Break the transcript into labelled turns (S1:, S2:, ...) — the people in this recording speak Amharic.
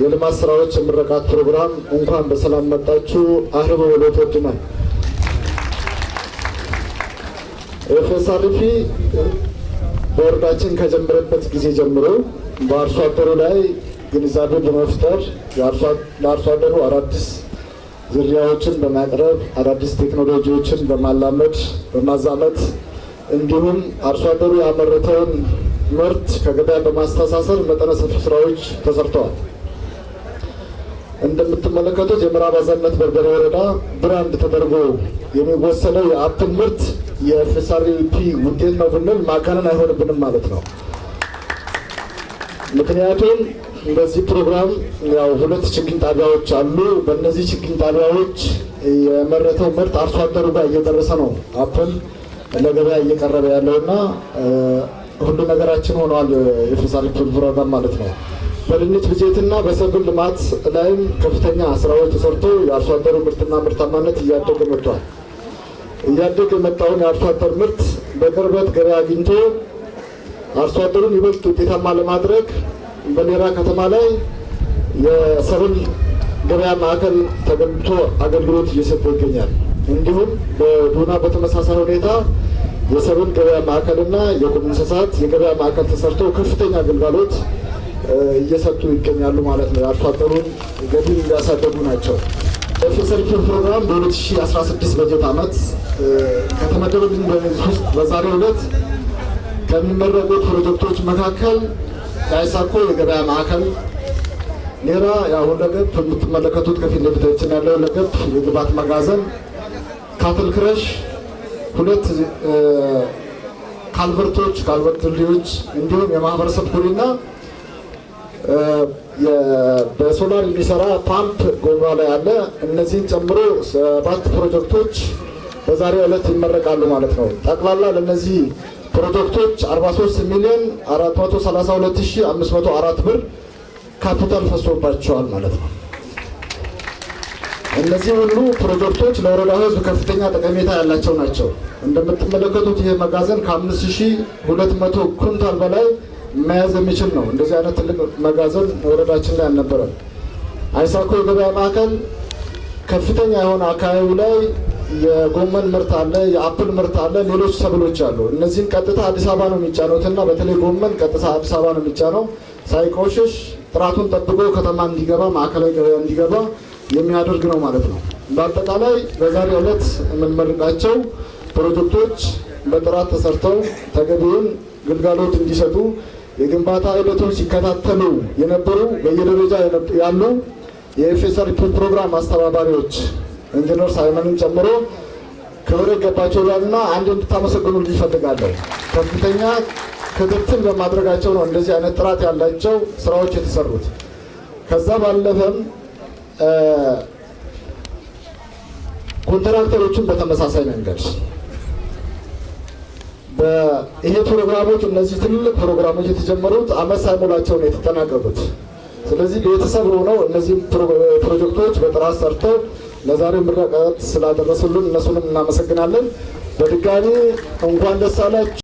S1: የልማት ስራዎች የምረቃት ፕሮግራም እንኳን በሰላም መጣችሁ አህበ ወሎተ ወድማን ኤፍኤስአርፒ በወረዳችን ከጀመረበት ጊዜ ጀምሮ በአርሶ አደሩ ላይ ግንዛቤ በመፍጠር ለአርሶ አደሩ አዳዲስ ዝርያዎችን በማቅረብ አዳዲስ ቴክኖሎጂዎችን በማላመድ በማዛመት እንዲሁም አርሶ አደሩ ያመረተውን ምርት ከገበያ በማስተሳሰር መጠነ ሰፊ ስራዎች ተሰርተዋል። እንደምትመለከቱት የምዕራብ አዛነት በርበሬ ወረዳ ብራንድ ተደርጎ የሚወሰነው የአፕል ምርት የኤፍኤስአር ውጤት ነው ብንል ማጋነን አይሆንብንም ማለት ነው። ምክንያቱም በዚህ ፕሮግራም ያው ሁለት ችግኝ ጣቢያዎች አሉ። በእነዚህ ችግኝ ጣቢያዎች የመረተው ምርት አርሶ አደሩ ጋር እየደረሰ ነው አፕል ለገበያ እየቀረበ ያለውና ሁሉ ነገራችን ሆኗል የኤፍኤስአር ፕሮግራም ማለት ነው። በድንች ብዜትና በሰብል ልማት ላይም ከፍተኛ ስራዎች ተሰርቶ የአርሶ አደሩ ምርትና ምርታማነት እያደገ መጥቷል። እያደገ የመጣውን የአርሶ አደር ምርት በቅርበት ገበያ አግኝቶ አርሶ አደሩን ይበልጥ ውጤታማ ለማድረግ በኔራ ከተማ ላይ የሰብል ገበያ ማዕከል ተገንብቶ አገልግሎት እየሰጠ ይገኛል። እንዲሁም በዱና በተመሳሳይ ሁኔታ የሰብል ገበያ ማዕከልና የቁም እንስሳት የገበያ ማዕከል ተሰርቶ ከፍተኛ አገልጋሎት እየሰጡ ይገኛሉ ማለት ነው። የአርሶ አደሩን ገቢ እያሳደጉ ናቸው። የፍስርክር ፕሮግራም በ2016 በጀት ዓመት ከተመደበልን በሚል ውስጥ በዛሬው ዕለት ከሚመረቁ ፕሮጀክቶች መካከል ላይሳኮ የገበያ ማዕከል የአሁን ለገብ የምትመለከቱት ከፊት ለፊታችን ያለው ለገብ የግባት መጋዘን፣ ካትል ክረሽ፣ ሁለት ካልቨርቶች፣ ካልቨርት ድልድዮች እንዲሁም የማህበረሰብ ኩሪና በሶላር የሚሰራ ፓምፕ ጎንባ ላይ አለ። እነዚህን ጨምሮ ሰባት ፕሮጀክቶች በዛሬው ዕለት ይመረቃሉ ማለት ነው። ጠቅላላ ለእነዚህ ፕሮጀክቶች 43 ሚሊዮን 432504 ብር ካፒታል ፈሶባቸዋል ማለት ነው። እነዚህ ሁሉ ፕሮጀክቶች ለወረዳ ሕዝብ ከፍተኛ ጠቀሜታ ያላቸው ናቸው። እንደምትመለከቱት ይህ መጋዘን ከ5200 ኩንታል በላይ መያዝ የሚችል ነው። እንደዚህ አይነት ትልቅ መጋዘን ወረዳችን ላይ አልነበረም። አይሳኮ የገበያ ማዕከል ከፍተኛ የሆነ አካባቢው ላይ የጎመን ምርት አለ፣ የአፕል ምርት አለ፣ ሌሎች ሰብሎች አሉ። እነዚህን ቀጥታ አዲስ አበባ ነው የሚጫኑት እና በተለይ ጎመን ቀጥታ አዲስ አበባ ነው የሚጫነው። ሳይቆሽሽ ጥራቱን ጠብቆ ከተማ እንዲገባ ማዕከላዊ ገበያ እንዲገባ የሚያደርግ ነው ማለት ነው። በአጠቃላይ በዛሬው ዕለት የምንመርቃቸው ፕሮጀክቶች በጥራት ተሰርተው ተገቢውን ግልጋሎት እንዲሰጡ የግንባታ ሂደቱን ሲከታተሉ የነበሩ በየደረጃ ያሉ የኤፌሰር ፕሮግራም አስተባባሪዎች ኢንጂነር ሳይመንን ጨምሮ ክብር ይገባቸዋልና አንድ እንድታመሰግኑ ይፈልጋለሁ። ከፍተኛ ክትትል በማድረጋቸው ነው እንደዚህ አይነት ጥራት ያላቸው ስራዎች የተሰሩት። ከዛ ባለፈም ኮንትራክተሮችን በተመሳሳይ መንገድ ይሄ ፕሮግራሞች እነዚህ ትልልቅ ፕሮግራሞች የተጀመሩት አመት ሳይሞላቸው ነው የተጠናቀቁት። ስለዚህ ቤተሰብ ሆነው እነዚህ ፕሮጀክቶች በጥራት ሰርተው ለዛሬው ምረቃት ስላደረሱልን እነሱንም እናመሰግናለን። በድጋሚ እንኳን ደስ አላችሁ።